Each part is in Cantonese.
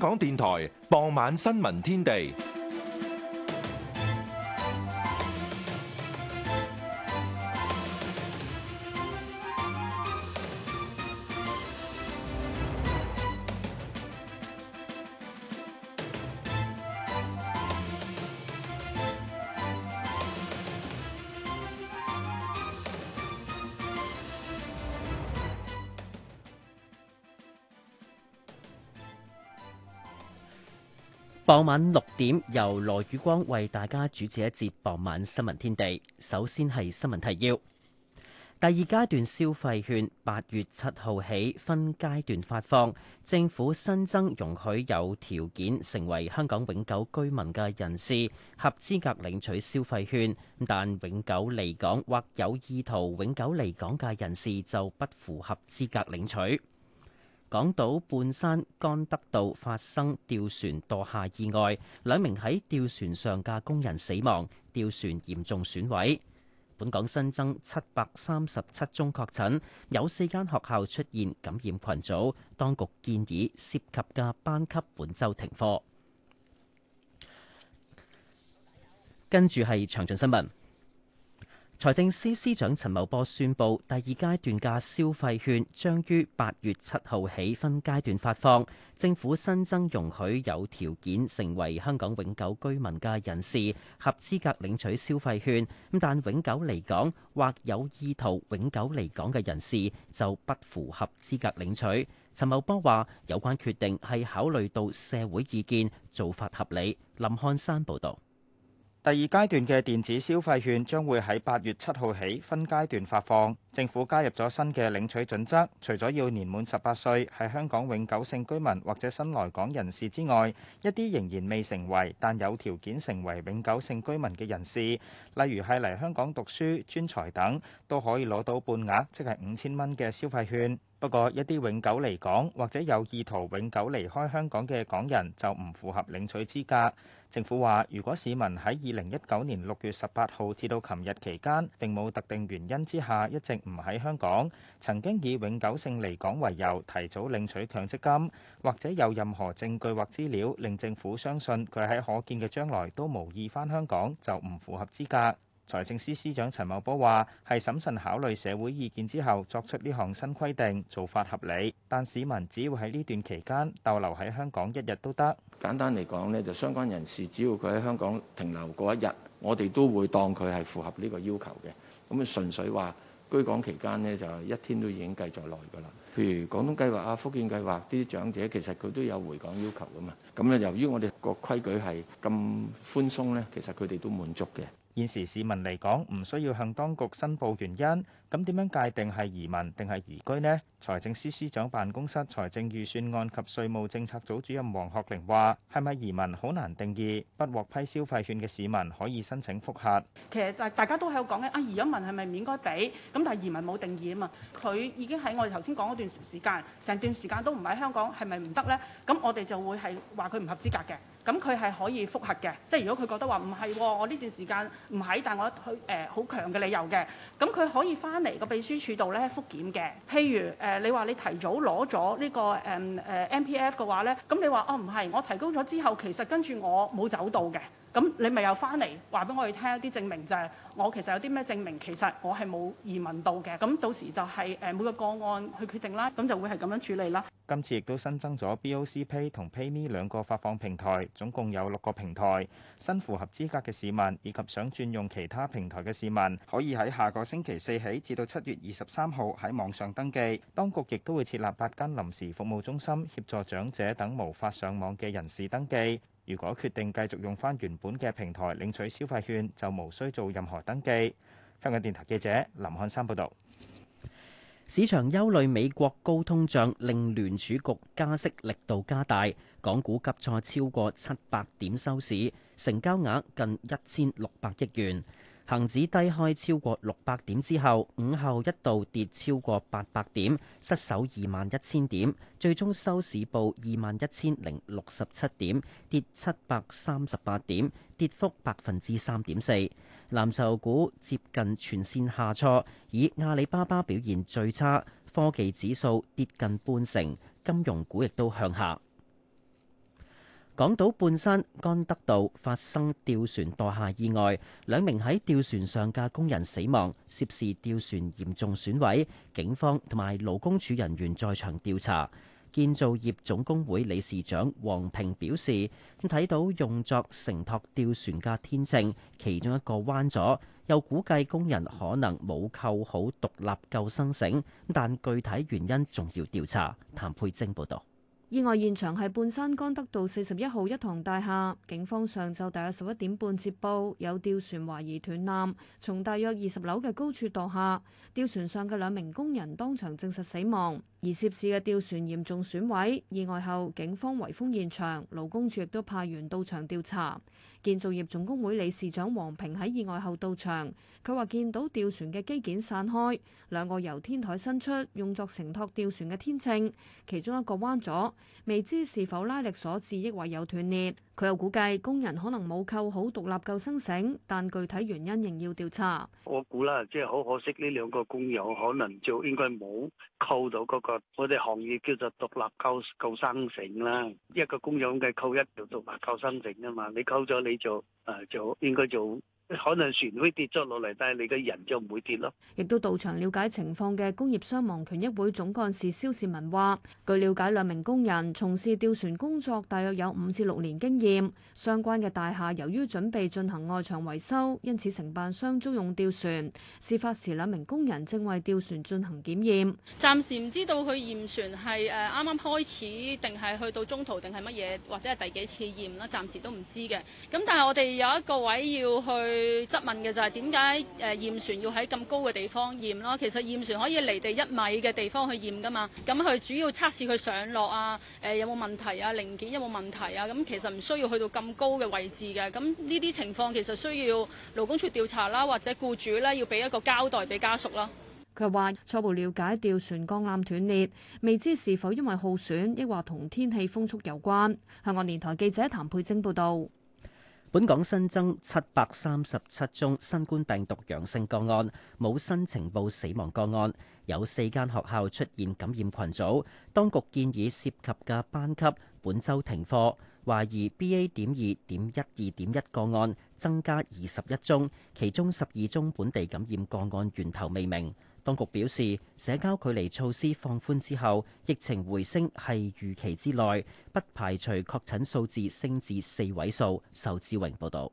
香港電台傍晚新聞天地。傍晚六點，由羅宇光為大家主持一節傍晚新聞天地。首先係新聞提要。第二階段消費券八月七號起分階段發放。政府新增容許有條件成為香港永久居民嘅人士合資格領取消費券，但永久離港或有意圖永久離港嘅人士就不符合資格領取。港島半山干德道發生吊船墮下意外，兩名喺吊船上嘅工人死亡，吊船嚴重損毀。本港新增七百三十七宗確診，有四間學校出現感染群組，當局建議涉及嘅班級本周停課。跟住係詳盡新聞。財政司司長陳茂波宣布，第二階段嘅消費券將於八月七號起分階段發放。政府新增容許有條件成為香港永久居民嘅人士合資格領取消費券，咁但永久離港或有意圖永久離港嘅人士就不符合資格領取。陳茂波話：有關決定係考慮到社會意見，做法合理。林漢山報道。第二階段嘅電子消費券將會喺八月七號起分階段發放。政府加入咗新嘅領取準則，除咗要年滿十八歲、係香港永久性居民或者新來港人士之外，一啲仍然未成為但有條件成為永久性居民嘅人士，例如係嚟香港讀書、專才等，都可以攞到半額，即係五千蚊嘅消費券。不過，一啲永久離港或者有意圖永久離開香港嘅港人就唔符合領取資格。政府話，如果市民喺二零一九年六月十八號至到琴日期間並冇特定原因之下一直唔喺香港，曾經以永久性離港為由提早領取強積金，或者有任何證據或資料令政府相信佢喺可見嘅將來都無意返香港，就唔符合資格。財政司司長陳茂波話：係審慎考慮社會意見之後作出呢項新規定，做法合理。但市民只要喺呢段期間逗留喺香港一日都得。簡單嚟講呢就相關人士只要佢喺香港停留過一日，我哋都會當佢係符合呢個要求嘅。咁啊，純粹話居港期間呢就一天都已經計在內㗎啦。譬如廣東計劃啊、福建計劃啲長者，其實佢都有回港要求㗎嘛。咁咧，由於我哋個規矩係咁寬鬆呢，其實佢哋都滿足嘅。現時市民嚟講，唔需要向當局申報原因。咁點樣界定係移民定係移居呢？財政司司長辦公室財政預算案及稅務政策組主任黃學玲話，係咪移民好難定義？不獲批消費券嘅市民可以申請覆核。其實就大家都喺度講嘅，啊，移民係咪唔應該俾？咁但係移民冇定義啊嘛，佢已經喺我哋頭先講嗰段時間，成段時間都唔喺香港，係咪唔得呢？咁我哋就會係話佢唔合資格嘅。咁佢係可以複核嘅，即係如果佢覺得話唔係，我呢段時間唔係，但係我去誒好強嘅理由嘅，咁佢可以翻嚟個秘書處度咧複檢嘅。譬如誒、呃，你話你提早攞咗呢個誒誒、呃、MPF 嘅話咧，咁你話哦唔係，我提供咗之後，其實跟住我冇走到嘅，咁你咪又翻嚟話俾我哋聽一啲證明，就係，就係我其實有啲咩證明，其實我係冇移民到嘅，咁到時就係誒每個個案去決定啦，咁就會係咁樣處理啦。今次亦都新增咗 BOC Pay 同 PayMe 兩個發放平台，總共有六個平台。新符合資格嘅市民以及想轉用其他平台嘅市民，可以喺下個星期四起至到七月二十三號喺網上登記。當局亦都會設立八間臨時服務中心，協助長者等無法上網嘅人士登記。如果決定繼續用翻原本嘅平台領取消費券，就無需做任何登記。香港電台記者林漢山報道。市場憂慮美國高通脹令聯儲局加息力度加大，港股急挫超過七百點收市，成交額近一千六百億元。恒指低開超過六百點之後，午後一度跌超過八百點，失守二萬一千點，最終收市報二萬一千零六十七點，跌七百三十八點，跌幅百分之三點四。藍籌股接近全線下挫，以阿里巴巴表現最差，科技指數跌近半成，金融股亦都向下。港島半山干德道發生吊船墮下意外，兩名喺吊船上嘅工人死亡，涉事吊船嚴重損毀，警方同埋勞工處人員在場調查。建造業總工會理事長黃平表示，睇到用作承托吊船架天秤其中一個彎咗，又估計工人可能冇扣好獨立救生繩，但具體原因仲要調查。譚佩晶報道。意外現場係半山干德道四十一號一堂大廈，警方上晝大約十一點半接報，有吊船懷疑斷纜，從大約二十樓嘅高處墮下，吊船上嘅兩名工人當場證實死亡，而涉事嘅吊船嚴重損毀。意外後，警方圍封現場，勞工處亦都派員到場調查。建造業總工會理事長黃平喺意外後到場，佢話見到吊船嘅機件散開，兩個由天台伸出用作承托吊船嘅天秤，其中一個彎咗，未知是否拉力所致，抑或有斷裂。佢又估計，工人可能冇扣好獨立救生繩，但具體原因仍要調查。我估啦，即係好可惜，呢兩個工友可能就應該冇扣到嗰個，我哋行業叫做獨立救救生繩啦。一個工友應該扣一條獨立救生繩啊嘛，你扣咗你就誒就應該做。可能船會跌咗落嚟，但係你嘅人就唔會跌咯。亦都到場了解情況嘅工業傷亡權益會總幹事蕭士文話，據了解，兩名工人從事吊船工作，大約有五至六年經驗。相關嘅大廈由於準備進行外牆維修，因此承辦商租用吊船。事發時，兩名工人正為吊船進行檢驗。暫時唔知道佢驗船係誒啱啱開始，定係去到中途，定係乜嘢，或者係第幾次驗啦？暫時都唔知嘅。咁但係我哋有一個位要去。去質問嘅就係點解誒驗船要喺咁高嘅地方驗咯？其實驗船可以離地一米嘅地方去驗㗎嘛。咁佢主要測試佢上落啊，誒有冇問題啊，零件有冇問題啊。咁其實唔需要去到咁高嘅位置嘅。咁呢啲情況其實需要勞工處調查啦，或者僱主咧要俾一個交代俾家屬囉。佢話初步瞭解吊船鋼纜斷裂，未知是否因為耗損，亦或同天氣風速有關。香港電台記者譚佩晶報導。本港新增七百三十七宗新冠病毒陽性個案，冇新情報死亡個案，有四間學校出現感染群組，當局建議涉及嘅班級本周停課，懷疑 BA. 點二點一二點一個案。增加二十一宗，其中十二宗本地感染個案源頭未明。當局表示，社交距離措施放寬之後，疫情回升係預期之內，不排除確診數字升至四位數。仇志榮報道。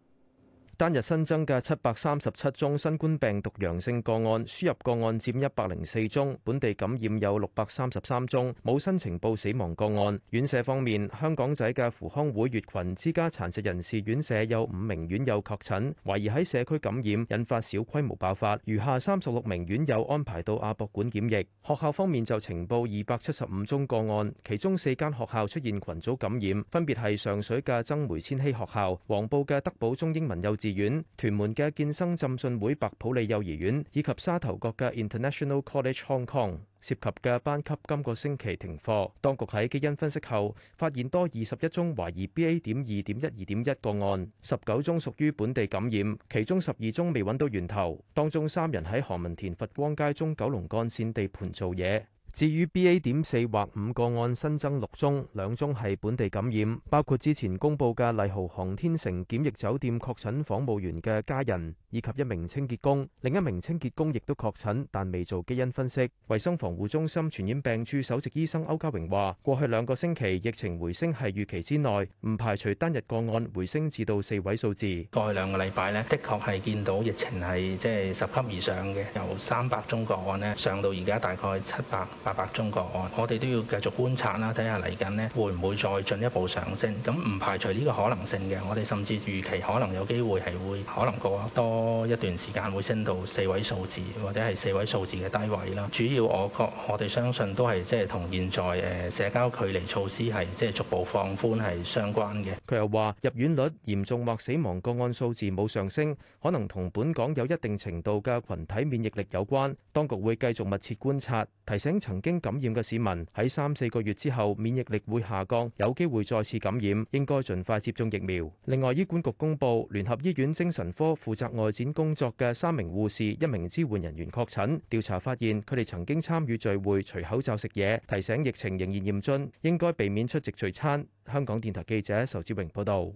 單日新增嘅七百三十七宗新冠病毒陽性個案，輸入個案佔一百零四宗，本地感染有六百三十三宗，冇新呈報死亡個案。院舍方面，香港仔嘅扶康會月群之家殘疾人士院舍有五名院友確診，懷疑喺社區感染，引發小規模爆發，餘下三十六名院友安排到亞博館檢疫。學校方面就呈報二百七十五宗個案，其中四間學校出現群組感染，分別係上水嘅曾梅千禧學校、黃埔嘅德寶中英文幼稚院屯門嘅建生浸信會白普利幼兒園以及沙頭角嘅 International College Hong Kong 涉及嘅班級今個星期停課。當局喺基因分析後，發現多二十一宗懷疑 BA. 點二點一二點一個案，十九宗屬於本地感染，其中十二宗未揾到源頭，當中三人喺何文田佛光街中九龍幹線地盤做嘢。至於 B A. 點四或五個案新增六宗，兩宗係本地感染，包括之前公布嘅麗豪航天城檢疫酒店確診房務員嘅家人以及一名清潔工，另一名清潔工亦都確診，但未做基因分析。衞生防護中心傳染病處首席醫生歐家榮話，過去兩個星期疫情回升係預期之內，唔排除單日個案回升至到四位數字。過去兩個禮拜呢，的確係見到疫情係即係十級以上嘅，由三百宗個案呢上到而家大概七百、八百宗個案，我哋都要繼續觀察啦，睇下嚟緊咧會唔會再進一步上升？咁唔排除呢個可能性嘅，我哋甚至預期可能有機會係會可能過多一段時間會升到四位數字或者係四位數字嘅低位啦。主要我覺我哋相信都係即係同現在誒社交距離措施係即係逐步放寬係相關嘅。佢又話入院率嚴重或死亡個案數字冇上升，可能同本港有一定程度嘅群體免疫力有關。當局會繼續密切觀察，提醒曾曾經感染嘅市民喺三四個月之後免疫力會下降，有機會再次感染，應該盡快接種疫苗。另外，醫管局公布，聯合醫院精神科負責外展工作嘅三名護士、一名支援人員確診。調查發現，佢哋曾經參與聚會、除口罩食嘢。提醒疫情仍然嚴峻，應該避免出席聚餐。香港電台記者仇志榮報道。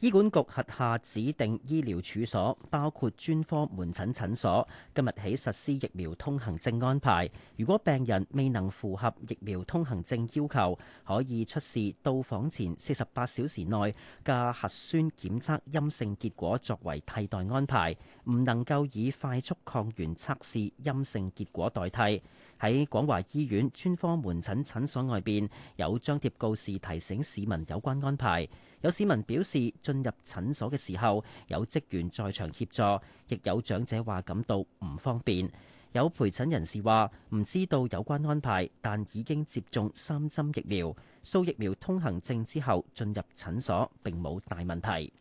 醫管局轄下指定醫療處所，包括專科門診診所，今日起實施疫苗通行證安排。如果病人未能符合疫苗通行證要求，可以出示到訪前四十八小時內嘅核酸檢測陰性結果作為替代安排，唔能夠以快速抗原測試陰性結果代替。喺廣華醫院專科門診診所外邊有張貼告示提醒市民有關安排。有市民表示，進入診所嘅時候有職員在場協助，亦有長者話感到唔方便。有陪診人士話唔知道有關安排，但已經接種三針疫苗，掃疫苗通行證之後進入診所並冇大問題。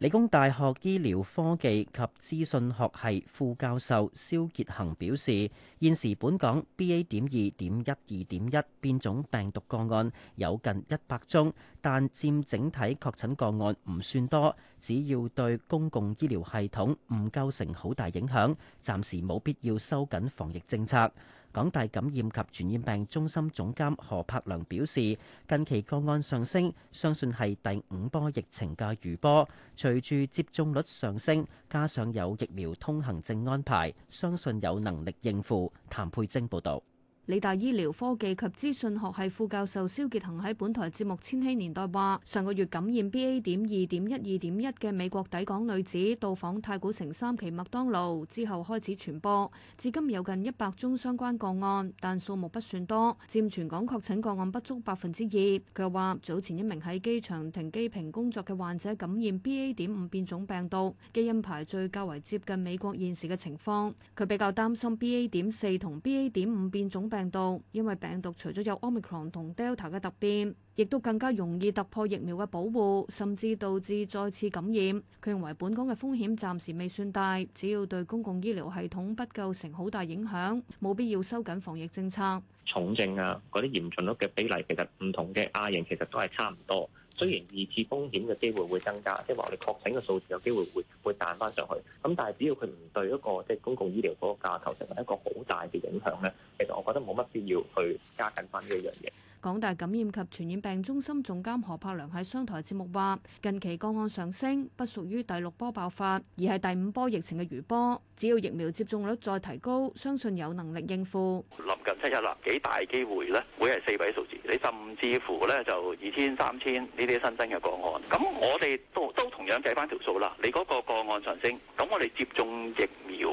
理工大學醫療科技及資訊學系副教授蕭傑恒表示，現時本港 BA. 點二、點一二、點一變種病毒個案有近一百宗，但佔整體確診個案唔算多，只要對公共醫療系統唔構成好大影響，暫時冇必要收緊防疫政策。港大感染及傳染病中心總監何柏良表示，近期個案上升，相信係第五波疫情嘅餘波。隨住接種率上升，加上有疫苗通行證安排，相信有能力應付。譚佩晶報導。理大醫療科技及資訊學系副教授蕭傑恒喺本台節目《千禧年代》話：上個月感染 BA. 點二點一二點一嘅美國抵港女子到訪太古城三期麥當勞之後開始傳播，至今有近一百宗相關個案，但數目不算多，佔全港確診個案不足百分之二。佢又話早前一名喺機場停機坪工作嘅患者感染 BA. 點五變種病毒，基因排序較為接近美國現時嘅情況。佢比較擔心 BA. 點四同 BA. 點五變種病。病毒，因為病毒除咗有 Omicron 同 Delta 嘅突變，亦都更加容易突破疫苗嘅保護，甚至導致再次感染。佢認為本港嘅風險暫時未算大，只要對公共醫療系統不構成好大影響，冇必要收緊防疫政策。重症啊，嗰啲嚴重率嘅比例其實唔同嘅亞型其實都係差唔多。雖然二次風險嘅機會會增加，即係話我哋確診嘅數字有機會會會彈翻上去，咁但係只要佢唔對一個即係、就是、公共醫療嗰個架構成為一個好大嘅影響咧，其實我覺得冇乜必要去加緊翻呢一樣嘢。港大感染及傳染病中心總監何柏良喺商台節目話：近期個案上升，不屬於第六波爆發，而係第五波疫情嘅餘波。只要疫苗接種率再提高，相信有能力應付。臨近七日啦，幾大機會呢？會係四位數字，你甚至乎呢就二千、三千呢啲新增嘅個案。咁我哋都都同樣計翻條數啦。你嗰個個個案上升，咁我哋接種疫苗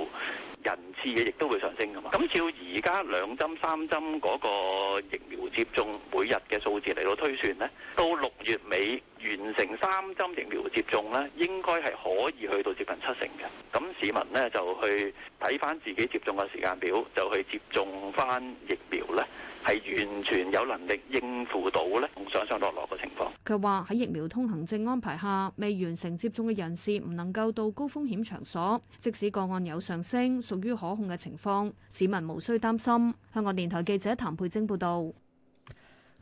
人次嘅亦都會上升噶嘛？咁照而家兩針、三針嗰個疫苗接種。每日嘅數字嚟到推算呢，到六月尾完成三針疫苗接種呢，應該係可以去到接近七成嘅。咁市民呢，就去睇返自己接種嘅時間表，就去接種返疫苗呢，係完全有能力應付到呢同上上落落嘅情況。佢話喺疫苗通行證安排下，未完成接種嘅人士唔能夠到高風險場所，即使個案有上升，屬於可控嘅情況，市民無需擔心。香港電台記者譚佩晶報道。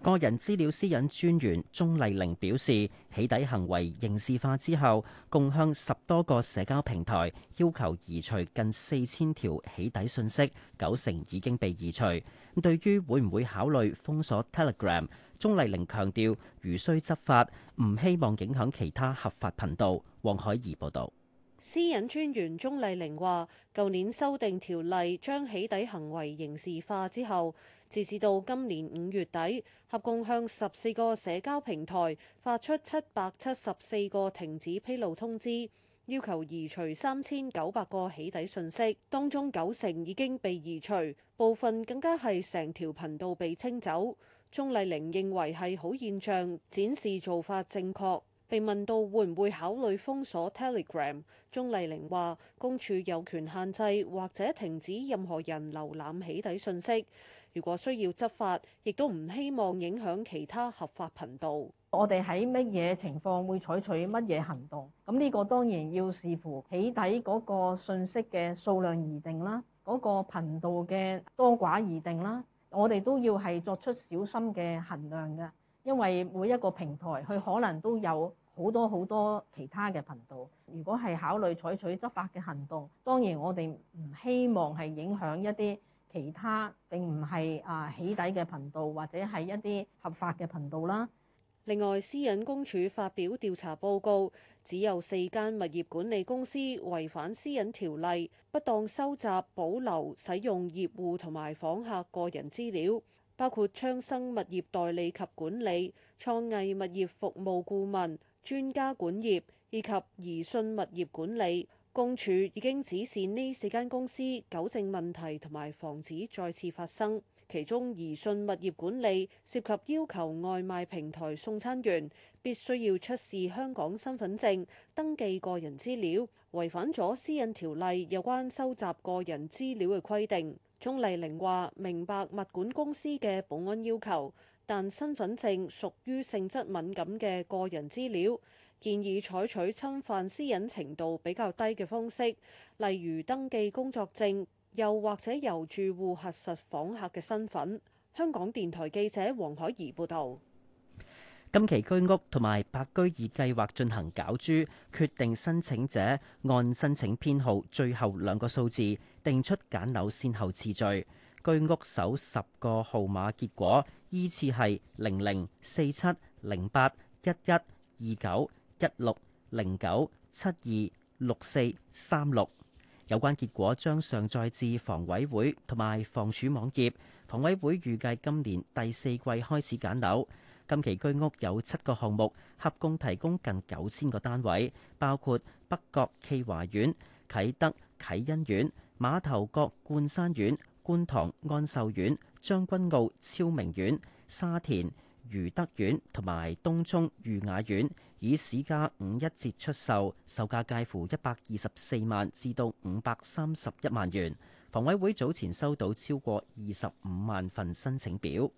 個人資料私隱專員鍾麗玲表示，起底行為刑事化之後，共向十多個社交平台要求移除近四千條起底信息，九成已經被移除。對於會唔會考慮封鎖 Telegram，鍾麗玲強調如需執法，唔希望影響其他合法頻道。黃海怡報導。私隱專員鍾麗玲話：舊年修訂條例將起底行為刑事化之後。截至到今年五月底，合共向十四個社交平台發出七百七十四個停止披露通知，要求移除三千九百個起底信息，當中九成已經被移除，部分更加係成條頻道被清走。鍾麗玲認為係好現象，展示做法正確，被問到會唔會考慮封鎖 Telegram，鍾麗玲話公署有權限制或者停止任何人瀏覽起底信息。如果需要執法，亦都唔希望影響其他合法頻道。我哋喺乜嘢情況會採取乜嘢行動？咁呢個當然要視乎起底嗰個信息嘅數量而定啦，嗰個頻道嘅多寡而定啦。我哋都要係作出小心嘅衡量嘅，因為每一個平台佢可能都有好多好多其他嘅頻道。如果係考慮採取執法嘅行動，當然我哋唔希望係影響一啲，其他並唔係啊起底嘅頻道，或者係一啲合法嘅頻道啦。另外，私隱公署發表調查報告，只有四間物業管理公司違反私隱條例，不當收集、保留、使用業戶同埋訪客個人資料，包括昌生物業代理及管理、創藝物業服務顧問、專家管業以及怡信物業管理。公署已經指示呢四間公司糾正問題同埋防止再次發生。其中，怡信物業管理涉及要求外賣平台送餐員必須要出示香港身份證登記個人資料，違反咗私隱條例有關收集個人資料嘅規定。鍾麗玲話：明白物管公司嘅保安要求，但身份證屬於性質敏感嘅個人資料。建議採取侵犯私隱程度比較低嘅方式，例如登記工作證，又或者由住戶核實訪客嘅身份。香港電台記者黃海怡報導。今期居屋同埋白居易計劃進行攪珠，決定申請者按申請編號最後兩個數字定出揀樓先後次序。居屋首十個號碼結果依次係零零四七零八一一二九。一六零九七二六四三六，有關結果將上載至房委會同埋房署網頁。房委會預計今年第四季開始揀樓，今期居屋有七個項目，合共提供近九千個單位，包括北角暨華苑、啟德啟欣苑、馬頭角冠山苑、觀塘安秀苑、將軍澳超明苑、沙田裕德苑同埋東涌裕雅苑以市價五一折出售，售價介乎一百二十四萬至到五百三十一萬元。房委會早前收到超過二十五萬份申請表。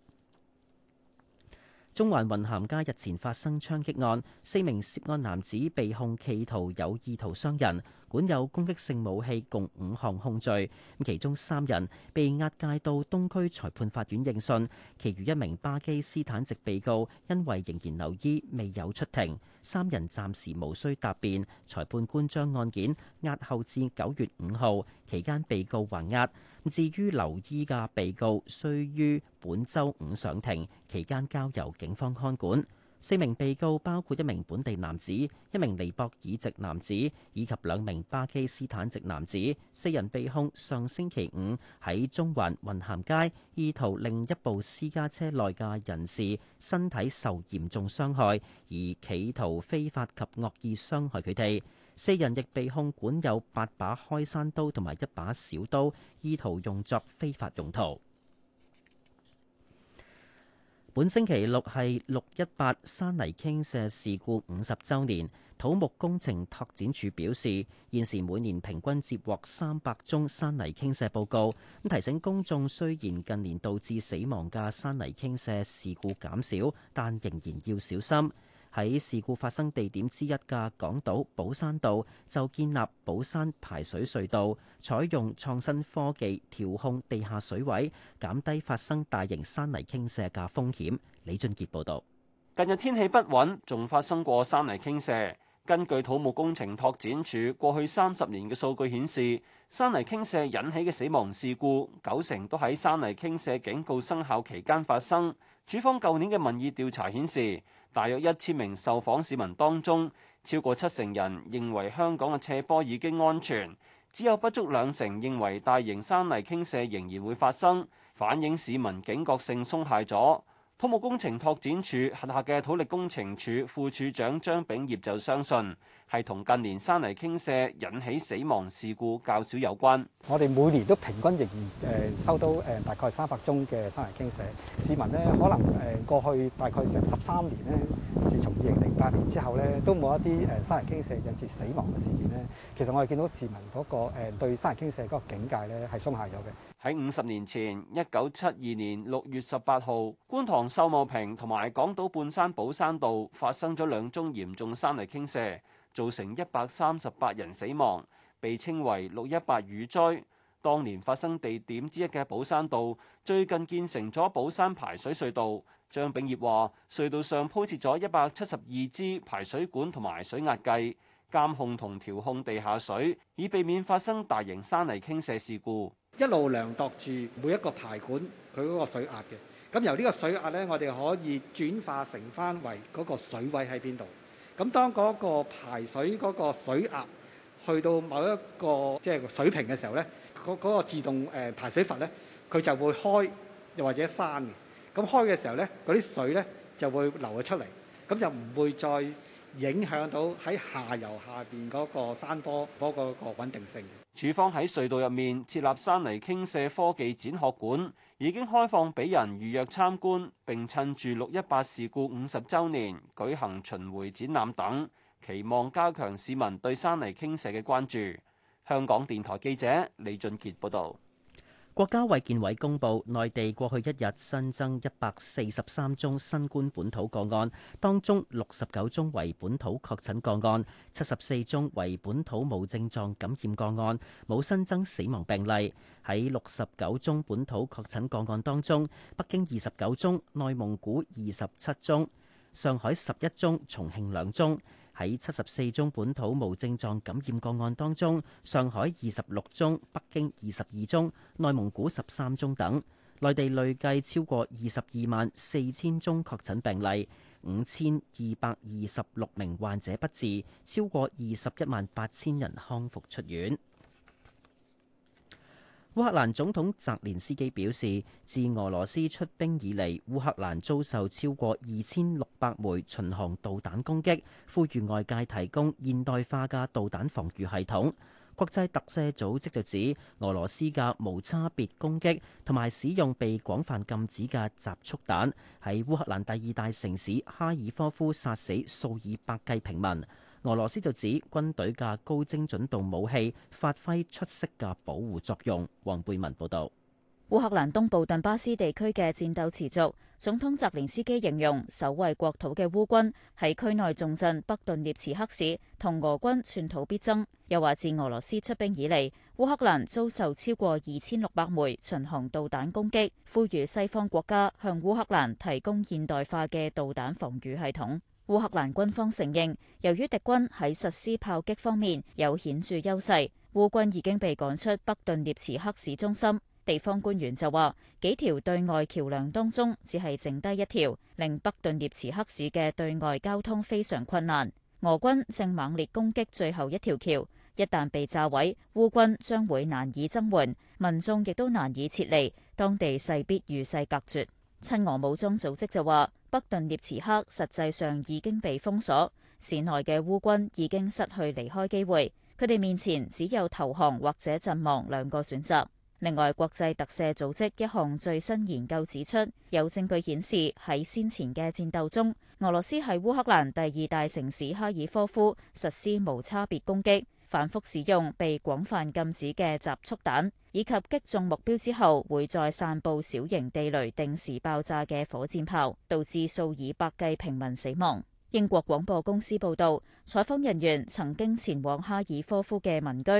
中環雲咸街日前發生槍擊案，四名涉案男子被控企圖有意圖傷人，管有攻擊性武器共五項控罪。其中三人被押解到東區裁判法院應訊，其餘一名巴基斯坦籍被告因為仍然留醫，未有出庭。三人暫時無需答辯，裁判官將案件押後至九月五號，期間被告還押。至於留醫嘅被告，需於本周五上庭，期間交由警方看管。四名被告包括一名本地男子、一名尼泊爾籍男子以及兩名巴基斯坦籍男子。四人被控上星期五喺中環雲咸街，意圖令一部私家車內嘅人士身體受嚴重傷害，而企圖非法及惡意傷害佢哋。四人亦被控管有八把開山刀同埋一把小刀，意圖用作非法用途。本星期六係六一八山泥傾瀉事故五十周年，土木工程拓展署表示，現時每年平均接獲三百宗山泥傾瀉報告，咁提醒公眾，雖然近年導致死亡嘅山泥傾瀉事故減少，但仍然要小心。喺事故發生地點之一嘅港島寶山道，就建立寶山排水隧道，採用創新科技調控地下水位，減低發生大型山泥傾瀉嘅風險，李俊杰報道。近日天氣不穩仲發生過山泥傾瀉，根據土木工程拓展署過去三十年嘅數據顯示，山泥傾瀉引起嘅死亡事故九成都喺山泥傾瀉警告生效期間發生。署方舊年嘅民意調查顯示，大約一千名受訪市民當中，超過七成人認為香港嘅斜坡已經安全，只有不足兩成認為大型山泥傾瀉仍然會發生，反映市民警覺性鬆懈咗。土木工程拓展署轄下嘅土力工程署副署長張炳業就相信係同近年山泥傾瀉引起死亡事故較少有關。我哋每年都平均仍然誒收到誒大概三百宗嘅山泥傾瀉，市民呢，可能誒過去大概成十三年呢，自從二零零八年之後咧，都冇一啲誒山泥傾瀉引致死亡嘅事件咧。其實我哋見到市民嗰個誒對山泥傾瀉嗰個警戒咧係鬆懈咗嘅。喺五十年前，一九七二年六月十八號，觀塘秀茂坪同埋港島半山寶山道發生咗兩宗嚴重山泥傾瀉，造成一百三十八人死亡，被稱為六一八雨災。當年發生地點之一嘅寶山道，最近建成咗寶山排水隧道。張炳業話，隧道上鋪設咗一百七十二支排水管同埋水壓計，監控同調控地下水，以避免發生大型山泥傾瀉事故。一路量度住每一個排管佢嗰個水壓嘅，咁由呢個水壓咧，我哋可以轉化成翻為嗰個水位喺邊度。咁當嗰個排水嗰個水壓去到某一個即係、就是、水平嘅時候咧，嗰嗰、那個自動誒、呃、排水閥咧，佢就會開又或者閂嘅。咁開嘅時候咧，嗰啲水咧就會流咗出嚟，咁就唔會再影響到喺下游下邊嗰個山坡嗰個穩定性。處方喺隧道入面設立山泥傾瀉科技展學館，已經開放俾人預約參觀，並趁住六一八事故五十週年舉行巡迴展覽等，期望加強市民對山泥傾瀉嘅關注。香港電台記者李俊傑報道。國家衛健委公佈，內地過去一日新增一百四十三宗新冠本土個案，當中六十九宗為本土確診個案，七十四宗為本土無症狀感染個案，冇新增死亡病例。喺六十九宗本土確診個案當中，北京二十九宗，內蒙古二十七宗。上海十一宗，重慶兩宗，喺七十四宗本土無症狀感染個案當中，上海二十六宗，北京二十二宗，內蒙古十三宗等。內地累計超過二十二萬四千宗確診病例，五千二百二十六名患者不治，超過二十一萬八千人康復出院。烏克蘭總統澤連斯基表示，自俄羅斯出兵以嚟，烏克蘭遭受超過二千六百枚巡航導彈攻擊，呼籲外界提供現代化嘅導彈防禦系統。國際特赦組織就指，俄羅斯嘅無差別攻擊同埋使用被廣泛禁止嘅集束彈，喺烏克蘭第二大城市哈爾科夫殺死數以百計平民。俄羅斯就指軍隊嘅高精準度武器發揮出色嘅保護作用。黃貝文報道，烏克蘭東部頓巴斯地區嘅戰鬥持續。總統澤連斯基形容守衛國土嘅烏軍喺區內重鎮北頓涅茨克市同俄軍寸土必爭。又話自俄羅斯出兵以嚟，烏克蘭遭受超過二千六百枚巡航導彈攻擊，呼籲西方國家向烏克蘭提供現代化嘅導彈防禦系統。烏克蘭軍方承認，由於敵軍喺實施炮擊方面有顯著優勢，烏軍已經被趕出北頓涅茨克市中心。地方官員就話，幾條對外橋樑當中只係剩低一條，令北頓涅茨克市嘅對外交通非常困難。俄軍正猛烈攻擊最後一條橋，一旦被炸毀，烏軍將會難以增援，民眾亦都難以撤離，當地勢必與世隔絕。親俄武裝組織就話。北頓涅茨克實際上已經被封鎖，市內嘅烏軍已經失去離開機會，佢哋面前只有投降或者陣亡兩個選擇。另外，國際特赦組織一項最新研究指出，有證據顯示喺先前嘅戰鬥中，俄羅斯喺烏克蘭第二大城市哈爾科夫實施無差別攻擊。反覆使用被廣泛禁止嘅集束彈，以及擊中目標之後會再散布小型地雷定時爆炸嘅火箭炮，導致數以百計平民死亡。英國廣播公司報道，採訪人員曾經前往哈爾科夫嘅民居，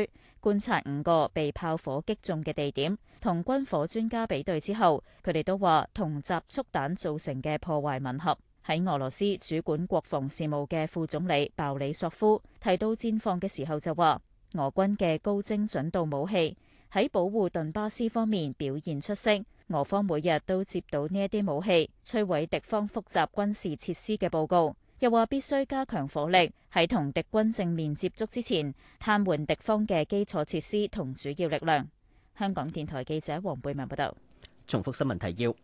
觀察五個被炮火擊中嘅地點，同軍火專家比對之後，佢哋都話同集束彈造成嘅破壞吻合。喺俄羅斯主管國防事務嘅副總理鮑里索夫提到戰況嘅時候就話，俄軍嘅高精準度武器喺保護頓巴斯方面表現出色，俄方每日都接到呢一啲武器摧毀敵方複雜軍事設施嘅報告，又話必須加強火力喺同敵軍正面接觸之前，癱瘓敵方嘅基礎設施同主要力量。香港電台記者黃貝文報道。重複新聞提要。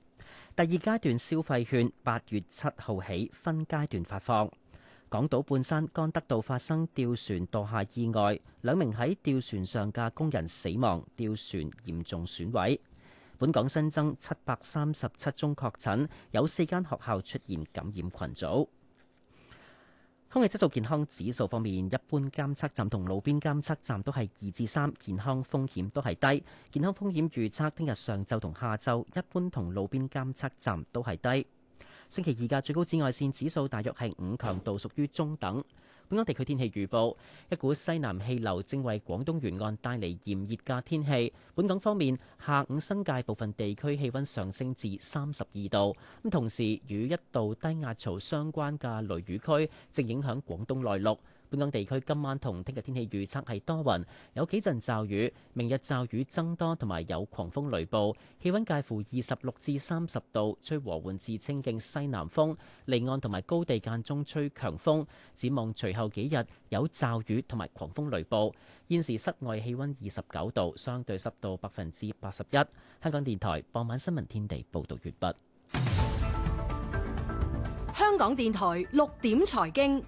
第二階段消費券八月七號起分階段發放。港島半山干德道發生吊船墮下意外，兩名喺吊船上嘅工人死亡，吊船嚴重損毀。本港新增七百三十七宗確診，有四間學校出現感染群組。空氣質素健康指數方面，一般監測站同路邊監測站都係二至三，健康風險都係低。健康風險預測聽日上晝同下晝，一般同路邊監測站都係低。星期二嘅最高紫外線指數大約係五，強度屬於中等。本港地區天氣預報：一股西南氣流正為廣東沿岸帶嚟炎熱嘅天氣。本港方面，下午新界部分地區氣温上升至三十二度。咁同時，與一道低壓槽相關嘅雷雨區正影響廣東內陸。本港地區今晚同聽日天氣預測係多雲，有幾陣驟雨。明日驟雨增多，同埋有狂風雷暴。氣溫介乎二十六至三十度，吹和緩至清勁西南風。離岸同埋高地間中吹強風。展望隨後幾日有驟雨同埋狂風雷暴。現時室外氣溫二十九度，相對濕度百分之八十一。香港電台傍晚新聞天地報道完畢。香港電台六點財經。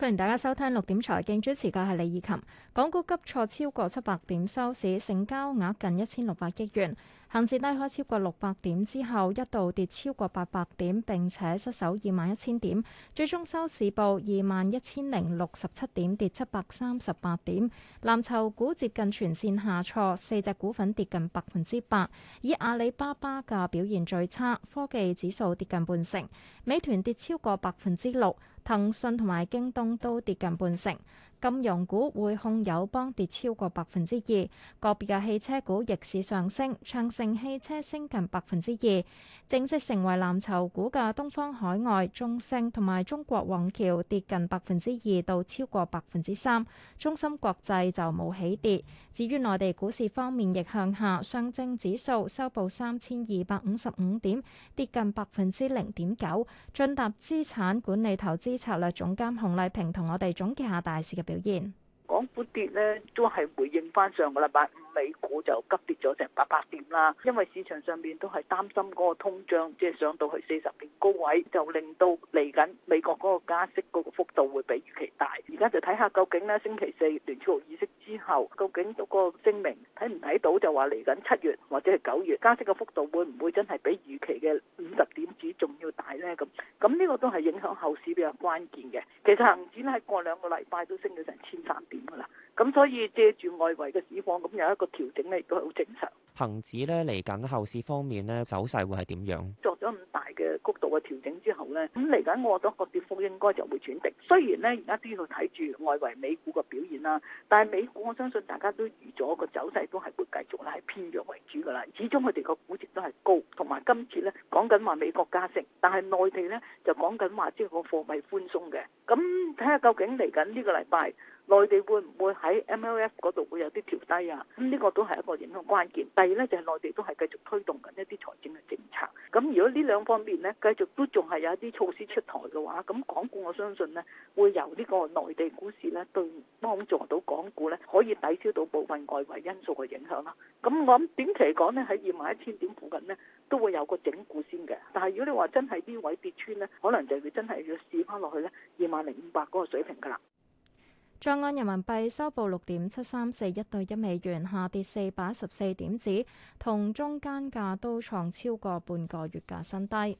歡迎大家收聽六點財經，主持嘅係李以琴。港股急挫超過七百點收市，成交額近一千六百億元。恒指低開超過六百點之後，一度跌超過八百點，並且失守二萬一千點，最終收市報二萬一千零六十七點，跌七百三十八點。藍籌股接近全線下挫，四隻股份跌近百分之八，以阿里巴巴嘅表現最差，科技指數跌近半成，美團跌超過百分之六，騰訊同埋京東都跌近半成。金融股、會控友邦跌超過百分之二，個別嘅汽車股逆市上升，長城汽車升近百分之二。正式成為藍籌股嘅東方海外、中升同埋中國宏橋跌近百分之二到超過百分之三，中芯國際就冇起跌。至於內地股市方面亦向下，上證指數收報三千二百五十五點，跌近百分之零點九。進達資產管理投資策略總監洪麗萍同我哋總結下大市嘅表現。港股跌咧，都係回應翻上個禮拜五，美股就急跌咗成八百點啦。因為市場上邊都係擔心嗰個通脹，即係上到去四十年高位，就令到嚟緊美國嗰個加息嗰個幅度會比預期大。而家就睇下究竟咧，星期四聯儲局議息之後，究竟嗰個聲明睇唔睇到，就話嚟緊七月或者係九月加息嘅幅度會唔會真係比預期嘅五十點子仲要大呢？咁咁呢個都係影響後市比較關鍵嘅。其實恆指咧，過兩個禮拜都升咗成千三點。咁所以借住外圍嘅市況，咁有一個調整咧，亦都係好正常。恒指咧，嚟緊後市方面咧，走勢會係點樣？作咗咁大嘅幅度嘅調整之後咧，咁嚟緊我覺得個跌幅應該就會轉定。雖然咧而家都要睇住外圍美股嘅表現啦，但係美股我相信大家都預咗個走勢都係會繼續啦，係偏弱為主噶啦。始終佢哋個估值都係高，同埋今次咧講緊話美國加息，但係內地咧就講緊話即係個貨幣寬鬆嘅。咁睇下究竟嚟緊呢個禮拜。內地會唔會喺 MLF 嗰度會有啲調低啊？咁呢個都係一個影響關鍵。第二呢，就係內地都係繼續推動緊一啲財政嘅政策。咁如果呢兩方面呢，繼續都仲係有一啲措施出台嘅話，咁港股我相信呢，會由呢個內地股市呢，對幫助到港股呢，可以抵消到部分外圍因素嘅影響啦。咁我諗短期嚟講呢，喺二萬一千點附近呢，都會有個整固先嘅。但係如果你話真係呢位跌穿呢，可能就要真係要試翻落去呢，二萬零五百嗰個水平㗎啦。在岸人民幣收報六點七三四一對一美元，下跌四百一十四點子，同中間價都創超過半個月嘅新低。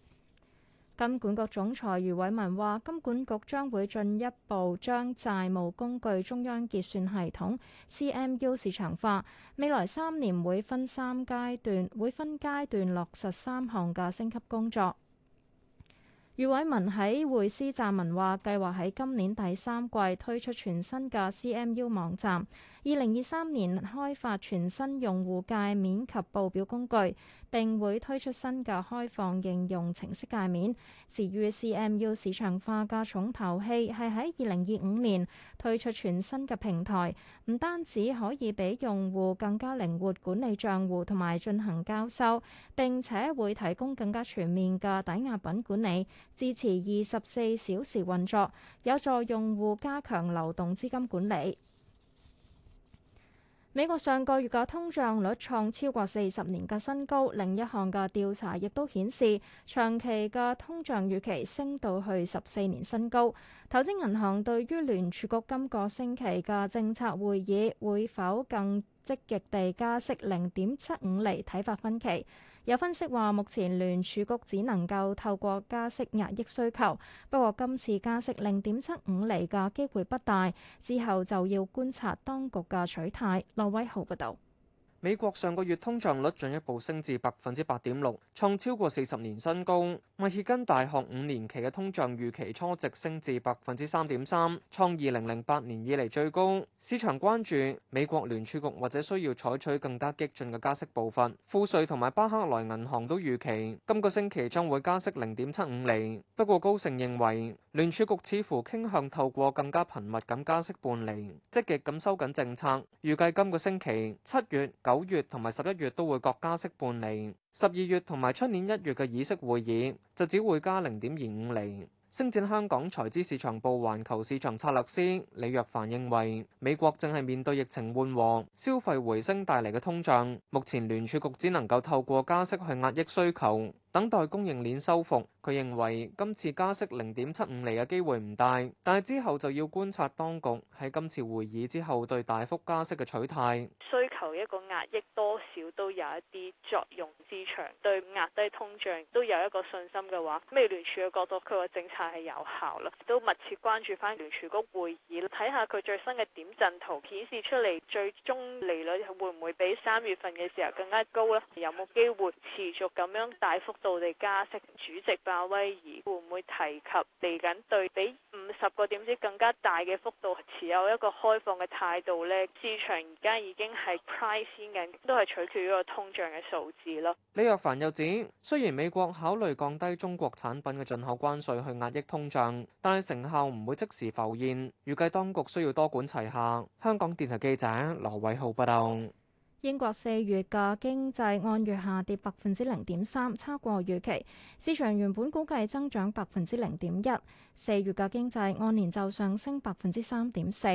金管局總裁余偉文話：金管局將會進一步將債務工具中央結算系統 CMU 市場化，未來三年會分三階段，會分階段落實三項嘅升級工作。余偉文喺匯思撰文話，計劃喺今年第三季推出全新嘅 CMU 網站。二零二三年開發全新用戶界面及報表工具，並會推出新嘅開放應用程式界面。至於 CMU 市場化嘅重頭戲係喺二零二五年推出全新嘅平台，唔單止可以俾用戶更加靈活管理帳戶同埋進行交收，並且會提供更加全面嘅抵押品管理，支持二十四小時運作，有助用戶加強流動資金管理。美國上個月嘅通脹率創超過四十年嘅新高，另一項嘅調查亦都顯示長期嘅通脹預期升到去十四年新高。投資銀行對於聯儲局今個星期嘅政策會議會否更積極地加息零點七五厘睇法分歧。有分析話，目前聯儲局只能夠透過加息壓抑需求，不過今次加息零點七五厘嘅機會不大，之後就要觀察當局嘅取態。羅威豪報道。美國上個月通脹率進一步升至百分之八點六，創超過四十年新高。密歇根大學五年期嘅通脹預期初值升至百分之三點三，創二零零八年以嚟最高。市場關注美國聯儲局或者需要採取更加激進嘅加息步伐。富瑞同埋巴克萊銀行都預期今個星期將會加息零點七五厘。不過高盛認為聯儲局似乎傾向透過更加頻密咁加息半厘，積極咁收緊政策。預計今個星期七月、九月同埋十一月都會各加息半厘，十二月同埋出年一月嘅議息會議就只會加零點二五厘。星展香港財資市場部環球市場策略師李若凡認為，美國正係面對疫情緩和、消費回升帶嚟嘅通脹，目前聯儲局只能夠透過加息去壓抑需求。等待供應鏈收復，佢認為今次加息零點七五釐嘅機會唔大，但係之後就要觀察當局喺今次會議之後對大幅加息嘅取態。需求一個壓抑多少都有一啲作用，市場對壓低通脹都有一個信心嘅話，美聯儲嘅角度，佢話政策係有效啦，都密切關注返聯儲局會議，睇下佢最新嘅點陣圖顯示出嚟最終利率會唔會比三月份嘅時候更加高咧？有冇機會持續咁樣大幅？道地加息，主席鮑威爾會唔會提及嚟緊對比五十個點子更加大嘅幅度，持有一個開放嘅態度咧？市場而家已經係 price 先緊，都係取決於個通脹嘅數字咯。李若凡又指，雖然美國考慮降低中國產品嘅進口關稅去壓抑通脹，但係成效唔會即時浮現。預計當局需要多管齊下。香港電台記者羅偉浩報道。英國四月嘅經濟按月下跌百分之零點三，超過預期。市場原本估計增長百分之零點一。四月嘅經濟按年就上升百分之三點四。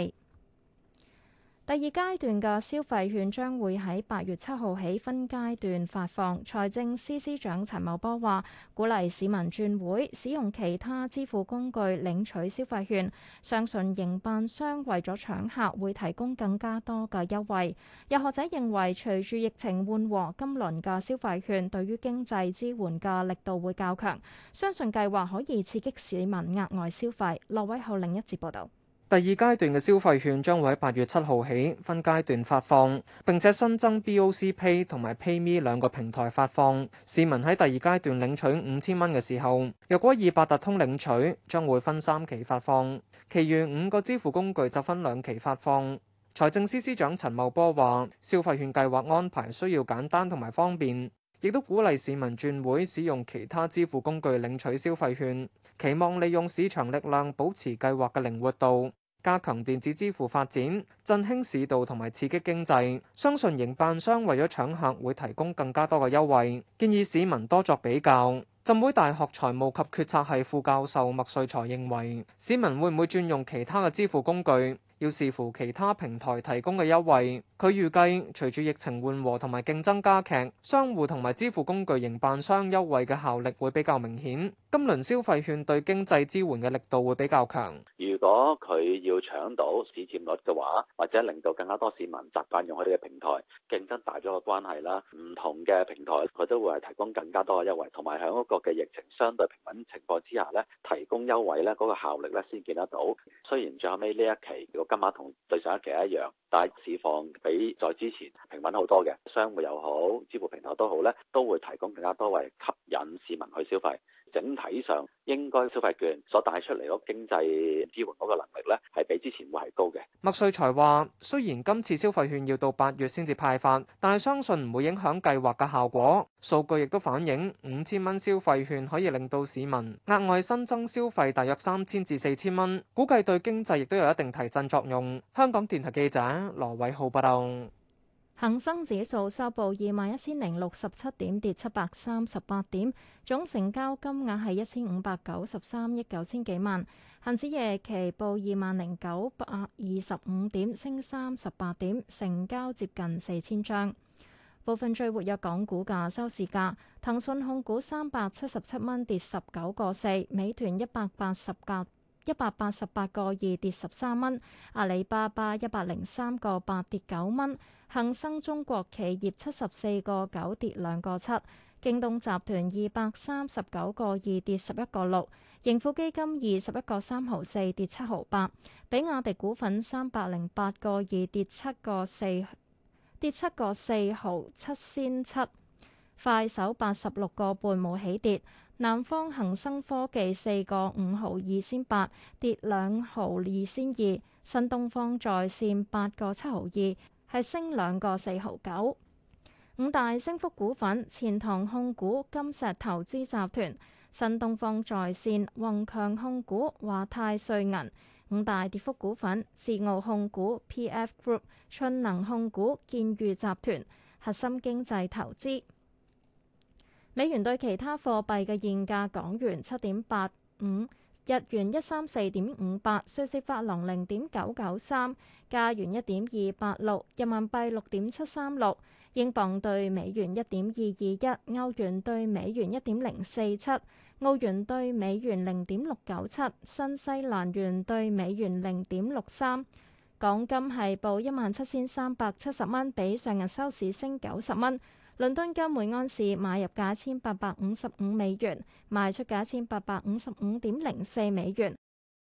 第二階段嘅消費券將會喺八月七號起分階段發放。財政司司長陳茂波話，鼓勵市民轉會使用其他支付工具領取消費券。相信營辦商為咗搶客，會提供更加多嘅優惠。有學者認為隨住疫情緩和，今輪嘅消費券對於經濟支援嘅力度會較強，相信計劃可以刺激市民額外消費，落威後另一節報道。第二階段嘅消費券將會喺八月七號起分階段發放，並且新增 BOC Pay 同埋 PayMe 兩個平台發放。市民喺第二階段領取五千蚊嘅時候，若果以八達通領取，將會分三期發放，其餘五個支付工具就分兩期發放。財政司司長陳茂波話，消費券計劃安排需要簡單同埋方便。亦都鼓勵市民轉會使用其他支付工具領取消費券，期望利用市場力量保持計劃嘅靈活度，加強電子支付發展，振興市道同埋刺激經濟。相信營辦商為咗搶客，會提供更加多嘅優惠，建議市民多作比較。浸會大學財務及決策系副教授麥瑞才認為，市民會唔會轉用其他嘅支付工具，要視乎其他平台提供嘅優惠。佢預計隨住疫情緩和同埋競爭加劇，商戶同埋支付工具營辦商優惠嘅效力會比較明顯。今輪消費券對經濟支援嘅力度會比較強。如果佢要搶到市佔率嘅話，或者令到更加多市民習慣用佢哋嘅平台，競爭大咗嘅關係啦，唔同嘅平台佢都會係提供更加多嘅優惠，同埋喺嗰個嘅疫情相對平穩情況之下咧，提供優惠咧嗰個效力咧先見得到。雖然最後尾呢一期如果金額同對上一期一樣，但係市況，比在之前平穩好多嘅，商戶又好，支付平台都好咧，都會提供更加多為吸引市民去消費，整體上應該消費券所帶出嚟個經濟支援個能力咧。麥瑞才話：雖然今次消費券要到八月先至派發，但係相信唔會影響計劃嘅效果。數據亦都反映，五千蚊消費券可以令到市民額外新增消費大約三千至四千蚊，估計對經濟亦都有一定提振作用。香港電台記者羅偉浩報道。恒生指數收報二萬一千零六十七點，跌七百三十八點，總成交金額係一千五百九十三億九千幾萬。恒指夜期報二萬零九百二十五點，升三十八點，成交接近四千張。部分最活躍港股價收市價：騰訊控股三百七十七蚊，跌十九個四；美團一百八十八一百八十八個二，跌十三蚊；阿里巴巴一百零三個八，跌九蚊。恒生中國企業七十四個九跌兩個七，京東集團二百三十九個二跌十一個六，盈富基金二十一個三毫四跌七毫八，比亞迪股份三百零八個二跌七個四跌七個四毫七先七，快手八十六個半冇起跌，南方恒生科技四個五毫二先八跌兩毫二先二，新東方在線八個七毫二。係升兩個四毫九，五大升幅股份：錢塘控股、金石投資集團、新東方在線、宏強控股、華泰瑞銀。五大跌幅股份：智傲控股、PF Group、春能控股、建裕集團、核心經濟投資。美元對其他貨幣嘅現價，港元七點八五。日元一三四點五八，瑞士法郎零點九九三，加元一點二八六，人民幣六點七三六，英鎊對美元一點二二一，歐元對美元一點零四七，澳元對美元零點六九七，新西蘭元對美元零點六三，港金係報一萬七千三百七十蚊，比上日收市升九十蚊。倫敦金每盎司買入價一千八百五十五美元，賣出價一千八百五十五點零四美元。